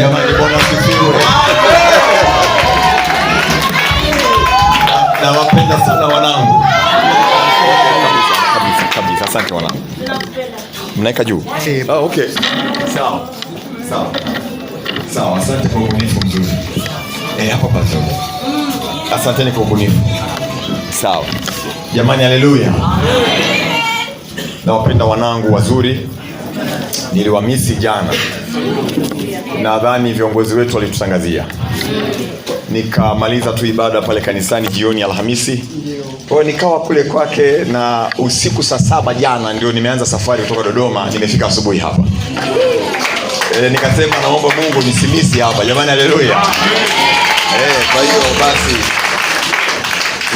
Jamani, Bwana asifiwe. Nawapenda sana wanangu kabisa kabisa. Asante wanangu, mnaweka juu. Oh, okay, sawa sawa sawa. Asante kwa ubunifu mzuri. Eh, hapo pazuri. Asanteni kwa ubunifu. Sawa jamani, haleluya. Nawapenda wanangu wazuri, niliwamisi jana nadhani viongozi wetu walitutangazia. Nikamaliza tu ibada pale kanisani jioni Alhamisi, kwa nikawa kule kwake na usiku saa saba jana ndio nimeanza safari kutoka Dodoma, nimefika asubuhi hapa e, nikasema naomba Mungu nisimisi hapa jamani, haleluya e. Kwa hiyo basi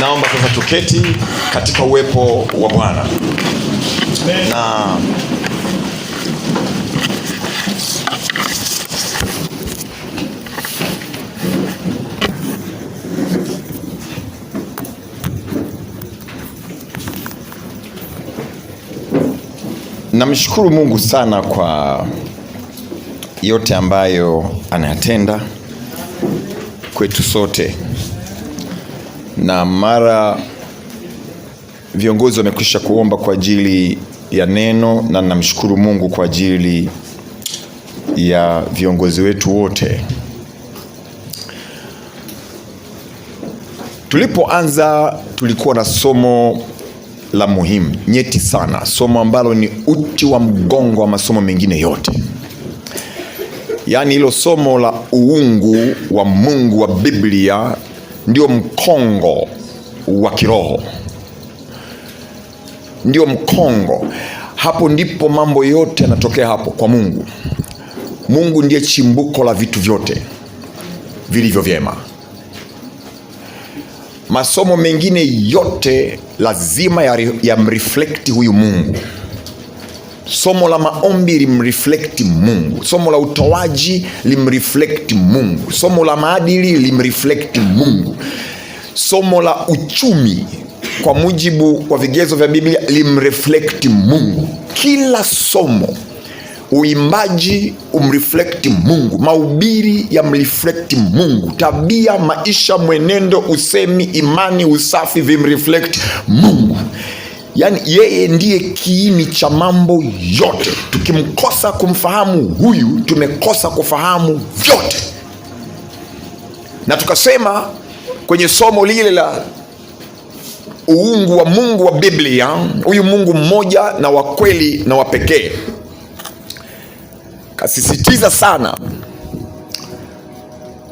naomba sasa tuketi katika uwepo wa Bwana na Namshukuru Mungu sana kwa yote ambayo anayatenda kwetu sote, na mara viongozi wamekwisha kuomba kwa ajili ya neno, na namshukuru Mungu kwa ajili ya viongozi wetu wote. Tulipoanza tulikuwa na somo la muhimu nyeti sana, somo ambalo ni uti wa mgongo wa masomo mengine yote, yaani hilo somo la uungu wa Mungu wa Biblia ndio mkongo wa kiroho, ndio mkongo. Hapo ndipo mambo yote yanatokea, hapo kwa Mungu. Mungu ndiye chimbuko la vitu vyote vilivyo vyema masomo mengine yote lazima yamriflekti ya huyu Mungu. Somo la maombi limreflekti Mungu, somo la utoaji limreflekti Mungu, somo la maadili limreflekti Mungu, somo la uchumi kwa mujibu wa vigezo vya Biblia limreflekti Mungu, kila somo Uimbaji umreflect Mungu, mahubiri yamreflect Mungu, tabia, maisha, mwenendo, usemi, imani, usafi vimreflect Mungu. Yaani yeye ndiye kiini cha mambo yote. Tukimkosa kumfahamu huyu, tumekosa kufahamu vyote. Na tukasema kwenye somo lile la uungu wa Mungu wa Biblia, huyu Mungu mmoja na wa kweli na wa pekee akasisitiza sana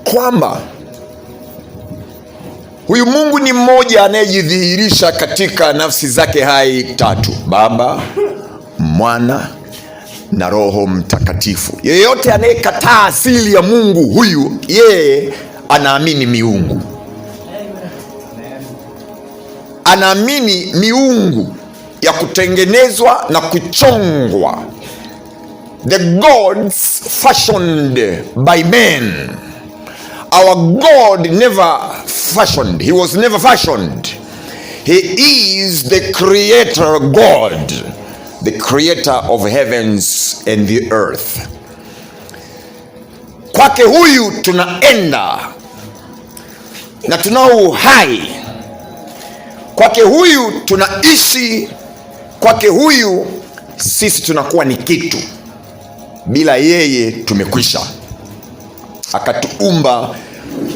kwamba huyu Mungu ni mmoja anayejidhihirisha katika nafsi zake hai tatu: Baba, Mwana na Roho Mtakatifu. Yeyote anayekataa asili ya Mungu huyu, yeye anaamini miungu, anaamini miungu ya kutengenezwa na kuchongwa the gods fashioned by men our god never fashioned he was never fashioned he is the creator god the creator of heavens and the earth kwake huyu tunaenda na tunao uhai kwake huyu tunaishi kwake huyu sisi tunakuwa ni kitu bila yeye tumekwisha. Akatuumba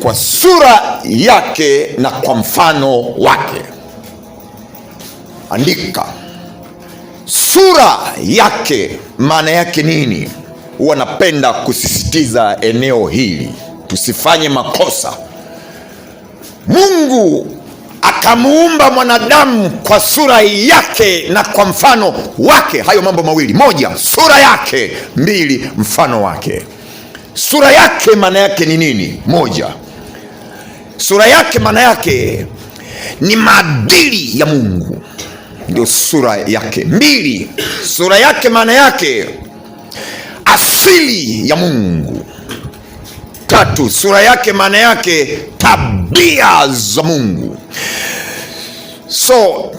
kwa sura yake na kwa mfano wake. Andika sura yake, maana yake nini? Huwa napenda kusisitiza eneo hili, tusifanye makosa. Mungu akamuumba mwanadamu kwa sura yake na kwa mfano wake. Hayo mambo mawili, moja, sura yake; mbili, mfano wake. Sura yake maana yake ni nini? Moja, sura yake maana yake ni maadili ya Mungu, ndio sura yake. Mbili, sura yake maana yake asili ya Mungu. Tatu, sura yake maana yake tabia za Mungu. So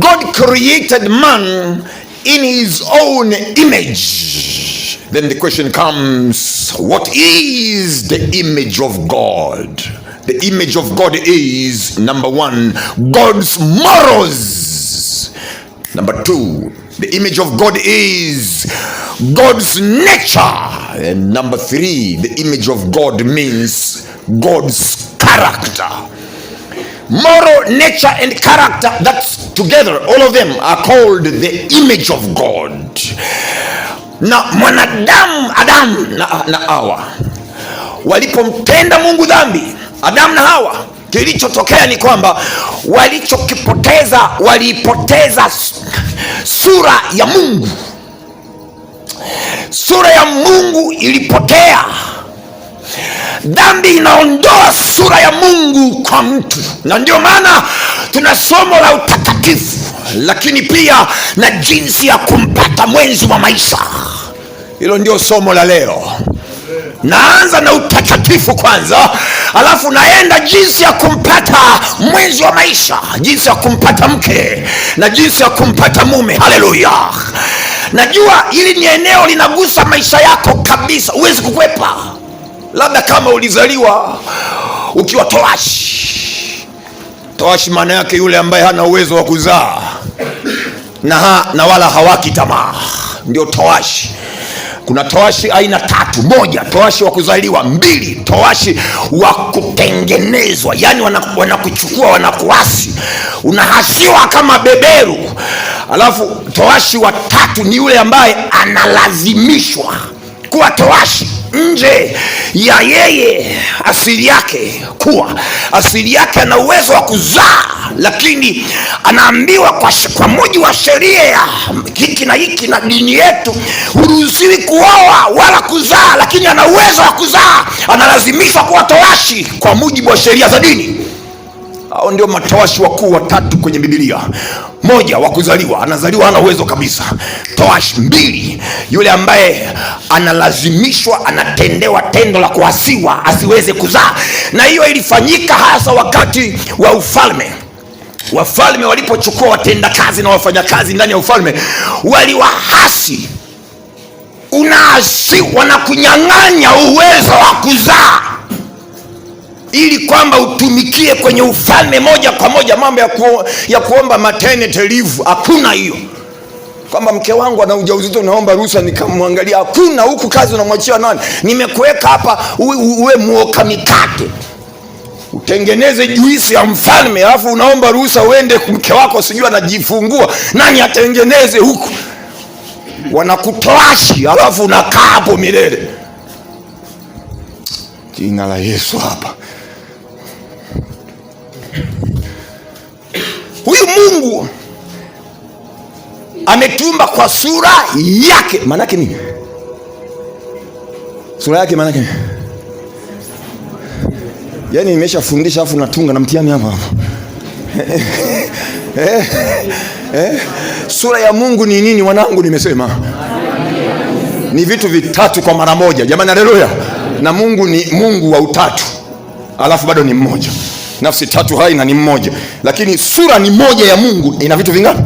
God created man in his own image. Then the question comes what is the image of God? The image of God is number one, God's morals. Number two, the image of God is God's nature. And number three, the image of God means God's character moral nature and character that together all of them are called the image of God. Na mwanadamu Adamu na, na Hawa walipomtenda Mungu dhambi, Adamu na Hawa, kilichotokea ni kwamba walichokipoteza, waliipoteza sura ya Mungu. Sura ya Mungu ilipotea. Dhambi inaondoa sura ya Mungu kwa mtu, na ndio maana tuna somo la utakatifu, lakini pia na jinsi ya kumpata mwenzi wa maisha. Hilo ndio somo la leo. Naanza na utakatifu kwanza, alafu naenda jinsi ya kumpata mwenzi wa maisha, jinsi ya kumpata mke na jinsi ya kumpata mume. Haleluya! Najua hili ni eneo linagusa maisha yako kabisa, huwezi kukwepa labda kama ulizaliwa ukiwa toashi. Toashi maana yake yule ambaye hana uwezo wa kuzaa na, ha, na wala hawaki tamaa, ndio toashi. Kuna toashi aina tatu: moja, toashi wa kuzaliwa; mbili, toashi wa kutengenezwa, yaani wanakuchukua wana wanakuasi, unahasiwa kama beberu. Alafu toashi wa tatu ni yule ambaye analazimishwa kuwa toashi nje ya yeye asili yake kuwa asili yake ana uwezo wa kuzaa lakini anaambiwa kwa, kwa mujibu wa sheria ya hiki na hiki na dini yetu huruhusiwi kuoa wala kuzaa lakini ana uwezo wa kuzaa analazimishwa kuwa towashi kwa mujibu wa sheria za dini hao ndio matoashi wakuu watatu kwenye Biblia. Moja, wa kuzaliwa, anazaliwa hana uwezo kabisa. Toashi mbili, yule ambaye analazimishwa, anatendewa tendo la kuhasiwa asiweze kuzaa, na hiyo ilifanyika hasa wakati wa ufalme wafalme walipochukua watendakazi na wafanyakazi ndani ya ufalme waliwahasi, unaasi, wanakunyang'anya uwezo wa kuzaa ili kwamba utumikie kwenye ufalme moja kwa moja. Mambo ya, ku, ya kuomba maternity leave hakuna hiyo, kwamba mke wangu ana ujauzito naomba ruhusa nikamwangalia, hakuna. Huku kazi unamwachia nani? Nimekuweka hapa uwe, uwe muoka mikate utengeneze juisi ya mfalme, alafu unaomba ruhusa uende mke wako sijui anajifungua. Nani atengeneze huku? Wanakutoashi alafu unakaa hapo milele. Jina la Yesu hapa Huyu Mungu ametuumba kwa sura yake. Maanake nini sura yake? Maanake nini? Yaani nimeshafundisha afu natunga na mtihani hapa hapa. Eh, eh, eh, sura ya Mungu ni nini wanangu? Nimesema ni vitu vitatu kwa mara moja, jamani, haleluya. Na Mungu ni Mungu wa utatu, alafu bado ni mmoja nafsi tatu hai na ni mmoja, lakini sura ni moja ya Mungu. Ina vitu vingapi?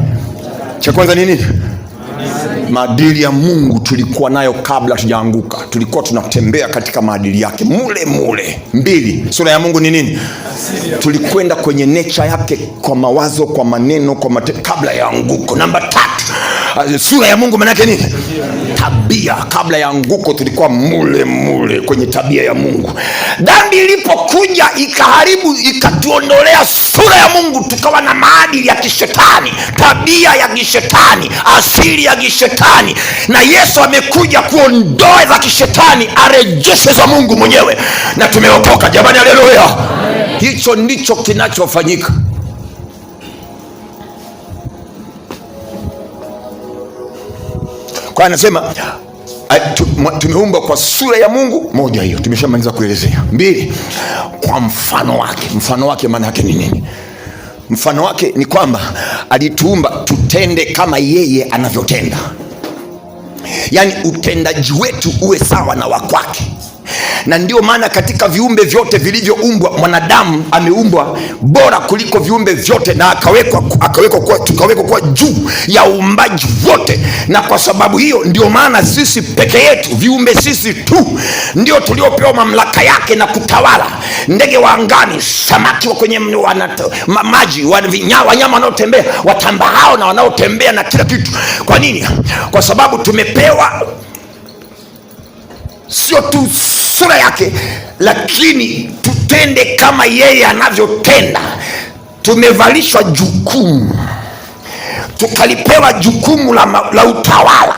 Cha kwanza ni nini? Maadili ya Mungu tulikuwa nayo kabla tujaanguka, tulikuwa tunatembea katika maadili yake mule mule. Mbili, sura ya Mungu ni nini? Tulikwenda kwenye necha yake kwa mawazo, kwa maneno, kwa mate... kabla ya anguko. Namba tatu, ah, sura ya Mungu maana yake nini? tabia. Kabla ya anguko tulikuwa mule mule kwenye tabia ya Mungu. Dhambi ilipokuja ikaharibu, ikatuondolea sura ya Mungu, tukawa na maadili ya kishetani, tabia ya kishetani, asili ya kishetani, na Yesu amekuja kuondoa za kishetani, arejeshe za Mungu mwenyewe, na tumeokoka jamani, haleluya! Hicho ndicho kinachofanyika. Kwa anasema tumeumbwa kwa sura ya Mungu. Moja, hiyo tumeshamaliza kuelezea. Mbili, kwa mfano wake. Mfano wake maana yake ni nini? Mfano wake ni kwamba alituumba tutende kama yeye anavyotenda, yaani utendaji wetu uwe sawa na wa kwake na ndio maana katika viumbe vyote vilivyoumbwa mwanadamu ameumbwa bora kuliko viumbe vyote na akawekwa, akawekwa kuwa, tukawekwa kuwa juu ya uumbaji wote, na kwa sababu hiyo ndio maana sisi peke yetu viumbe sisi tu ndio tuliopewa mamlaka yake na kutawala ndege wa angani, samaki wa kwenye maji, wanyama wanaotembea, hao na wanaotembea na kila kitu. Kwa nini? Kwa sababu tumepewa sio tu sura yake, lakini tutende kama yeye anavyotenda. Tumevalishwa jukumu, tukalipewa jukumu la, la utawala,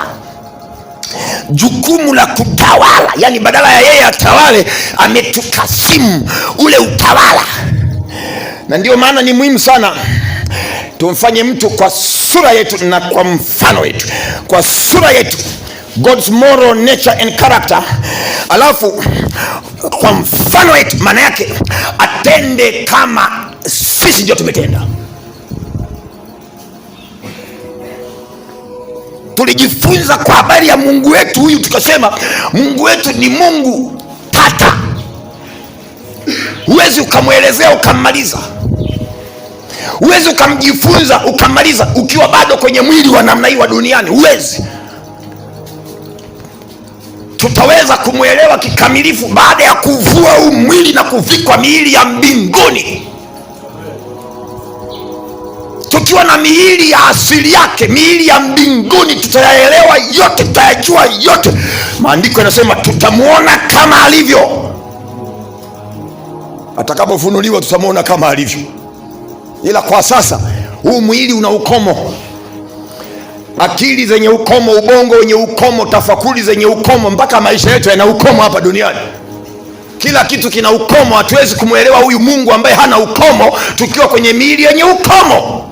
jukumu la kutawala. Yani badala ya yeye atawale, ametukasimu ule utawala, na ndiyo maana ni muhimu sana tumfanye mtu kwa sura yetu na kwa mfano wetu, kwa sura yetu God's moral nature and character, alafu kwa mfano wetu, maana yake atende kama sisi ndio tumetenda. Tulijifunza kwa habari ya Mungu wetu huyu, tukasema Mungu wetu ni Mungu tata, huwezi ukamwelezea ukammaliza huwezi ukamjifunza ukamaliza ukiwa bado kwenye mwili wa namna hii wa duniani, huwezi tutaweza kumwelewa kikamilifu baada ya kuvua huu mwili na kuvikwa miili ya mbinguni, tukiwa na miili ya asili yake, miili ya mbinguni. Tutayaelewa yote, tutayajua yote. Maandiko yanasema tutamwona kama alivyo, atakapofunuliwa tutamwona kama alivyo, ila kwa sasa huu mwili una ukomo akili zenye ukomo, ubongo wenye ukomo, tafakuri zenye ukomo, mpaka maisha yetu yana ukomo hapa duniani. Kila kitu kina ukomo. Hatuwezi kumwelewa huyu Mungu ambaye hana ukomo tukiwa kwenye miili yenye ukomo.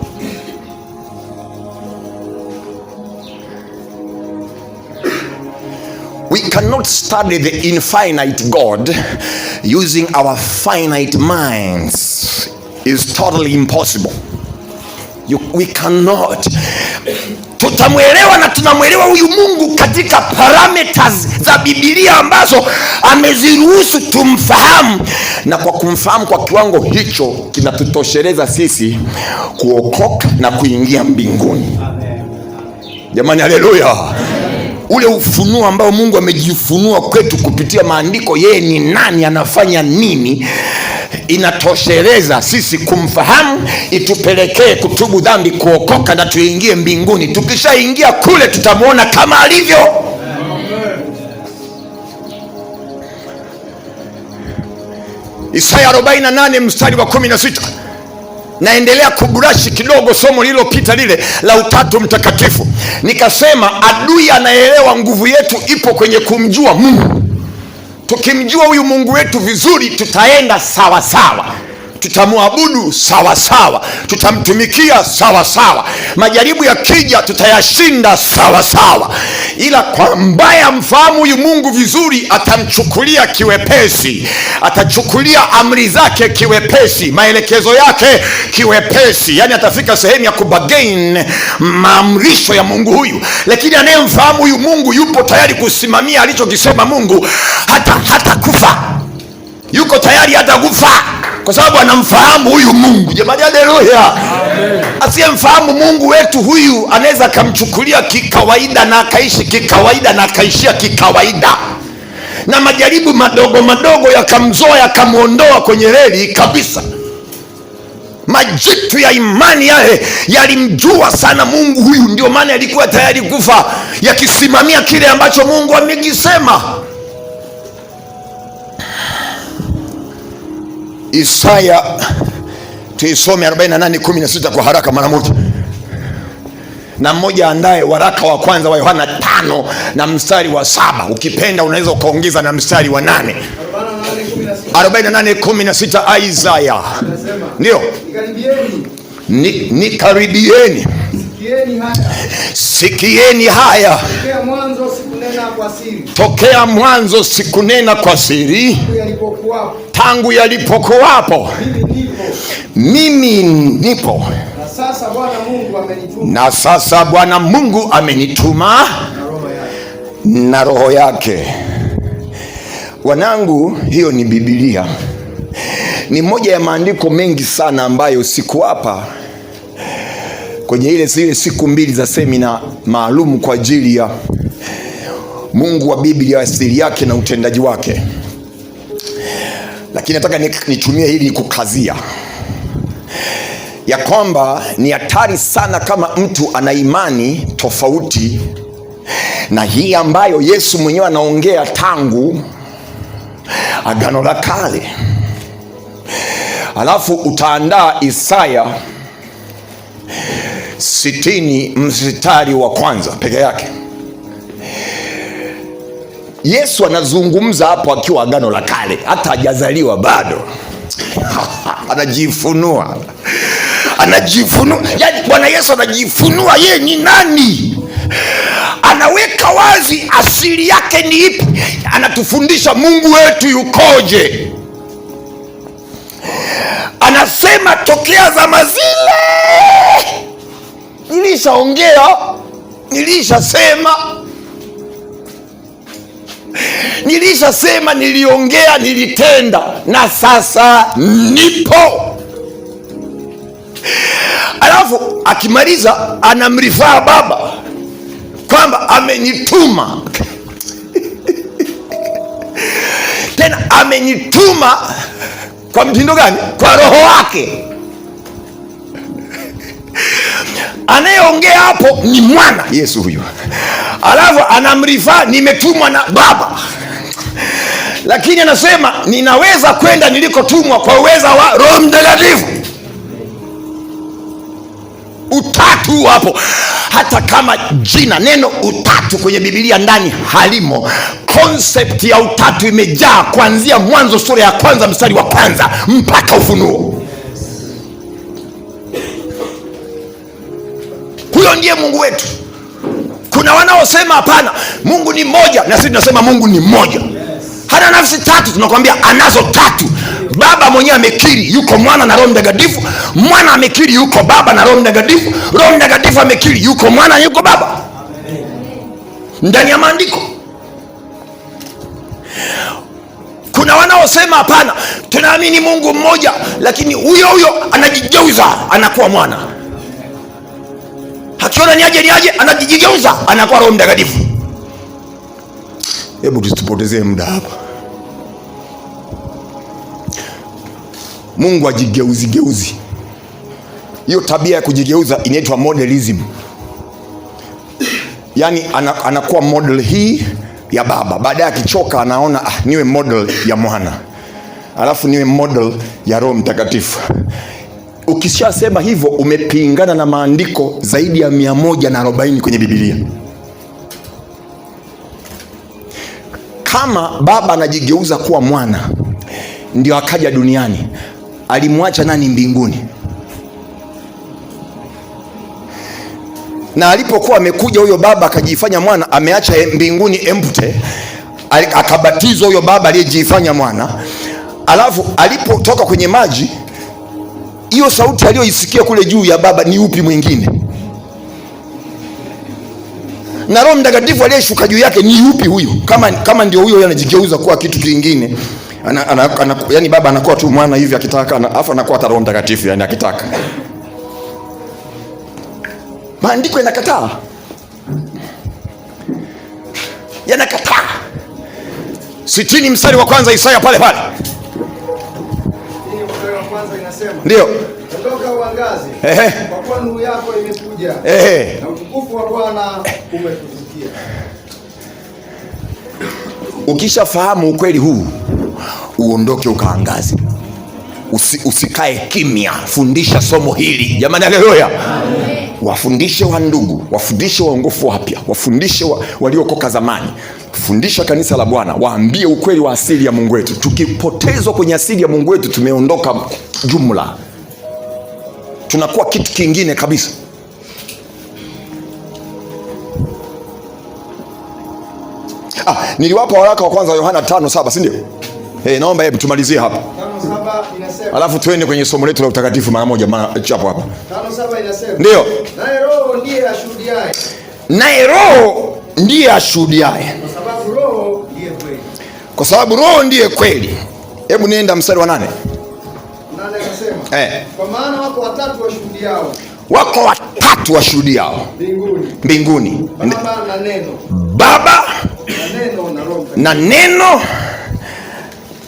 We cannot study the infinite God using our finite minds. It's totally impossible you, we cannot tutamwelewa na tunamwelewa huyu Mungu katika parameters za Biblia ambazo ameziruhusu tumfahamu, na kwa kumfahamu kwa kiwango hicho kinatutosheleza sisi kuokoka na kuingia mbinguni. Jamani, haleluya! Ule ufunuo ambao Mungu amejifunua kwetu kupitia maandiko, yeye ni nani, anafanya nini inatosheleza sisi kumfahamu itupelekee kutubu dhambi, kuokoka na tuingie mbinguni. Tukishaingia kule tutamwona kama alivyo. Isaya 48 mstari wa 16. Naendelea kuburashi kidogo somo lililopita lile la Utatu Mtakatifu, nikasema adui anaelewa nguvu yetu ipo kwenye kumjua Mungu Tukimjua huyu Mungu wetu vizuri, tutaenda sawa sawa tutamwabudu sawasawa, tutamtumikia sawasawa, majaribu yakija tutayashinda sawasawa. Ila kwa ambaye amfahamu huyu Mungu vizuri, atamchukulia kiwepesi, atachukulia amri zake kiwepesi, maelekezo yake kiwepesi, yani atafika sehemu ya kubagain maamrisho ya Mungu huyu. Lakini anayemfahamu huyu Mungu yupo tayari kusimamia alichokisema Mungu, hata hata kufa, yuko tayari hata kufa kwa sababu anamfahamu huyu Mungu. Jamani, haleluya! Asiyemfahamu Mungu wetu huyu anaweza akamchukulia kikawaida na akaishi kikawaida na akaishia kikawaida, na majaribu madogo madogo yakamzoa yakamwondoa kwenye reli kabisa. Majitu ya imani yale yalimjua sana Mungu huyu, ndio maana yalikuwa tayari kufa yakisimamia kile ambacho Mungu amekisema. Isaya tuisome 48:16 kwa haraka mara moja na mmoja andaye waraka wa kwanza wa Yohana tano na mstari wa saba ukipenda unaweza ukaongeza na mstari wa nane 48:16 Isaya ndio nikaribieni, ni sikieni haya, sikieni haya tokea mwanzo sikunena kwa siri, tangu yalipokuwapo mimi nipo. Na sasa Bwana Mungu amenituma na roho yake. Wanangu, hiyo ni bibilia ni moja ya maandiko mengi sana ambayo hapa kwenye ile zile siku mbili za semina maalum kwa ajili ya Mungu wa Biblia, asili yake na utendaji wake. Lakini nataka nitumie hili kukazia ya kwamba ni hatari sana kama mtu ana imani tofauti na hii ambayo Yesu mwenyewe anaongea tangu Agano la Kale, alafu utaandaa Isaya sitini mstari wa kwanza peke yake. Yesu anazungumza hapo akiwa Agano la Kale, hata hajazaliwa bado anajifunua anajifunua, yani Bwana Yesu anajifunua yeye ni nani, anaweka wazi asili yake ni ipi, anatufundisha Mungu wetu yukoje. Anasema tokea zama zile nilishaongea, nilishasema Nilishasema, niliongea, nilitenda na sasa nipo. Alafu akimaliza anamrifaa baba kwamba amenituma tena amenituma kwa mtindo gani? Kwa Roho wake. anayeongea hapo ni mwana Yesu huyu, alafu anamrifaa nimetumwa na Baba, lakini anasema ninaweza kwenda nilikotumwa kwa uweza wa Roho Mtakatifu. Utatu hapo, hata kama jina neno utatu kwenye bibilia ndani halimo, konsepti ya utatu imejaa kuanzia Mwanzo sura ya kwanza mstari wa kwanza mpaka Ufunuo. Mungu wetu. Kuna wanaosema hapana, Mungu ni mmoja, na sisi tunasema Mungu ni mmoja. Hana nafsi tatu, tunakwambia anazo tatu. Baba mwenyewe amekiri yuko mwana na Roho Mtakatifu, mwana amekiri yuko baba na Roho Mtakatifu, Roho Mtakatifu amekiri yuko mwana yuko baba, ndani ya maandiko. Kuna wanaosema hapana, tunaamini Mungu mmoja, lakini huyo huyo anajigeuza anakuwa mwana Akiona niaje niaje, anajijigeuza anakuwa Roho Mtakatifu. Hebu tusipotezee muda hapa. Mungu ajigeuzi geuzi. Hiyo tabia ya kujigeuza inaitwa modelism, yaani anakuwa model hii ya baba, baadaye akichoka anaona ah, niwe model ya mwana, alafu niwe model ya Roho Mtakatifu. Ukishasema hivyo umepingana na maandiko zaidi ya 140 kwenye Biblia. Kama baba anajigeuza kuwa mwana ndio akaja duniani, alimwacha nani mbinguni? Na alipokuwa amekuja huyo baba akajifanya mwana, ameacha mbinguni empte akabatizwa huyo baba aliyejifanya mwana, alafu alipotoka kwenye maji hiyo sauti aliyoisikia kule juu ya Baba ni upi mwingine? Na Roho Mtakatifu aliyeshuka juu yake ni upi huyo? Kama, kama ndio huyo anajigeuza kuwa kitu kingine ana, ana, ana, yani baba anakuwa tu mwana hivi akitaka, alafu anakuwa hata Roho Mtakatifu yani akitaka. Maandiko yanakataa, yanakataa. sitini mstari wa kwanza Isaya pale pale ndio ukishafahamu ukweli huu uondoke ukaangaze, usi, usikae kimya. Fundisha somo hili jamani, haleluya! Wafundishe wa ndugu, wafundishe waongofu wapya, wafundishe waliokoka zamani fundisha kanisa la Bwana, waambie ukweli wa asili ya Mungu wetu. Tukipotezwa kwenye asili ya Mungu wetu, tumeondoka jumla, tunakuwa kitu kingine kabisa. Ah, niliwapa waraka wa kwanza wa Yohana 5:7 si ndio? Hey, eh, naomba hebu tumalizie hapa inasema, alafu tuende kwenye somo letu la utakatifu mara moja mara chapo hapa. Ndio, naye Roho ndiye ashuhudiaye kwa sababu roho ndiye kweli. Hebu nienda mstari wa nane. Nane akasema, eh, kwa maana wako watatu washuhudiao wako watatu washuhudiao mbinguni, mbinguni. Baba na neno, na neno na Roho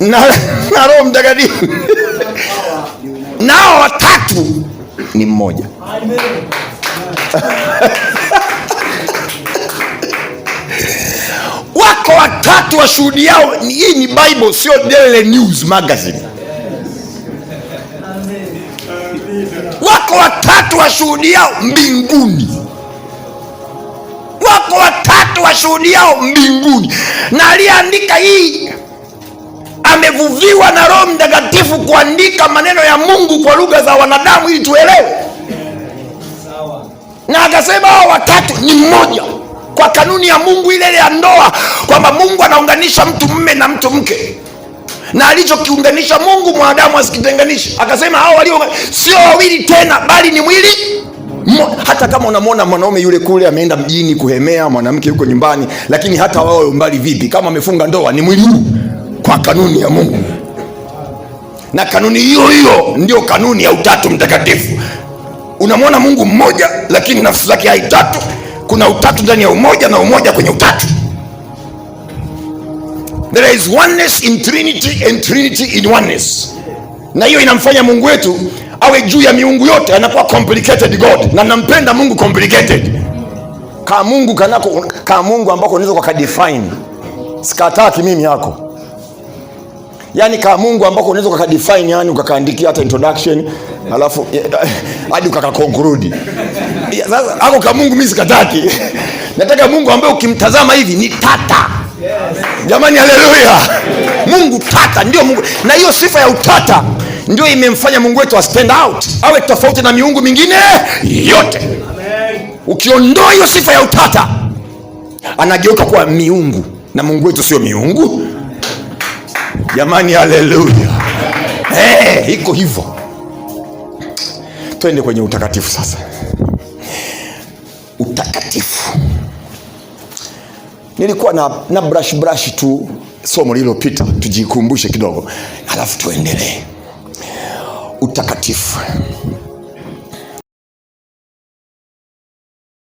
na, na Roho Mtakatifu nao watatu ni mmoja. Amen. wako watatu washuhudiao. Hii ni Bible, sio Daily News Magazine. Wako watatu washuhudiao mbinguni wako watatu washuhudiao mbinguni, na aliyeandika hii amevuviwa na Roho Mtakatifu kuandika maneno ya Mungu kwa lugha za wanadamu ili tuelewe, na akasema hao watatu ni mmoja kwa kanuni ya Mungu ile ile ya ndoa, kwamba Mungu anaunganisha mtu mme na mtu mke, na alichokiunganisha Mungu mwanadamu asikitenganishi Akasema hao walio sio wawili tena, bali ni mwili hata kama unamwona mwanaume yule kule ameenda mjini kuhemea, mwanamke yuko nyumbani, lakini hata wao mbali vipi, kama amefunga ndoa, ni mwili kwa kanuni ya Mungu. Na kanuni hiyo hiyo ndio kanuni ya Utatu Mtakatifu. Unamwona Mungu mmoja, lakini nafsi zake hai tatu kuna utatu ndani ya umoja na umoja kwenye utatu. There is oneness in Trinity and Trinity in oneness. Na hiyo inamfanya Mungu wetu awe juu ya miungu yote, anakuwa complicated God, na nampenda Mungu complicated ka Mungu kanako ka Mungu ambako unaweza kwa kadefine. Sikataki mimi yako yani ka Mungu ambako unaweza define yani ukakaandikia hata introduction alafu hadi conclude. Sasa hako ka Mungu mimi sikataki. Nataka Mungu ambaye ukimtazama hivi ni tata. Jamani, haleluya! Mungu tata ndio Mungu, na hiyo sifa ya utata ndio imemfanya Mungu wetu stand out, awe tofauti na miungu mingine yote. Ukiondoa hiyo sifa ya utata, anageuka kuwa miungu, na Mungu wetu sio miungu Jamani, haleluya! Hey, eh, iko hivyo. Twende kwenye utakatifu sasa. Utakatifu nilikuwa na, na brush brush tu somo lililopita, tujikumbushe kidogo, alafu tuendelee utakatifu.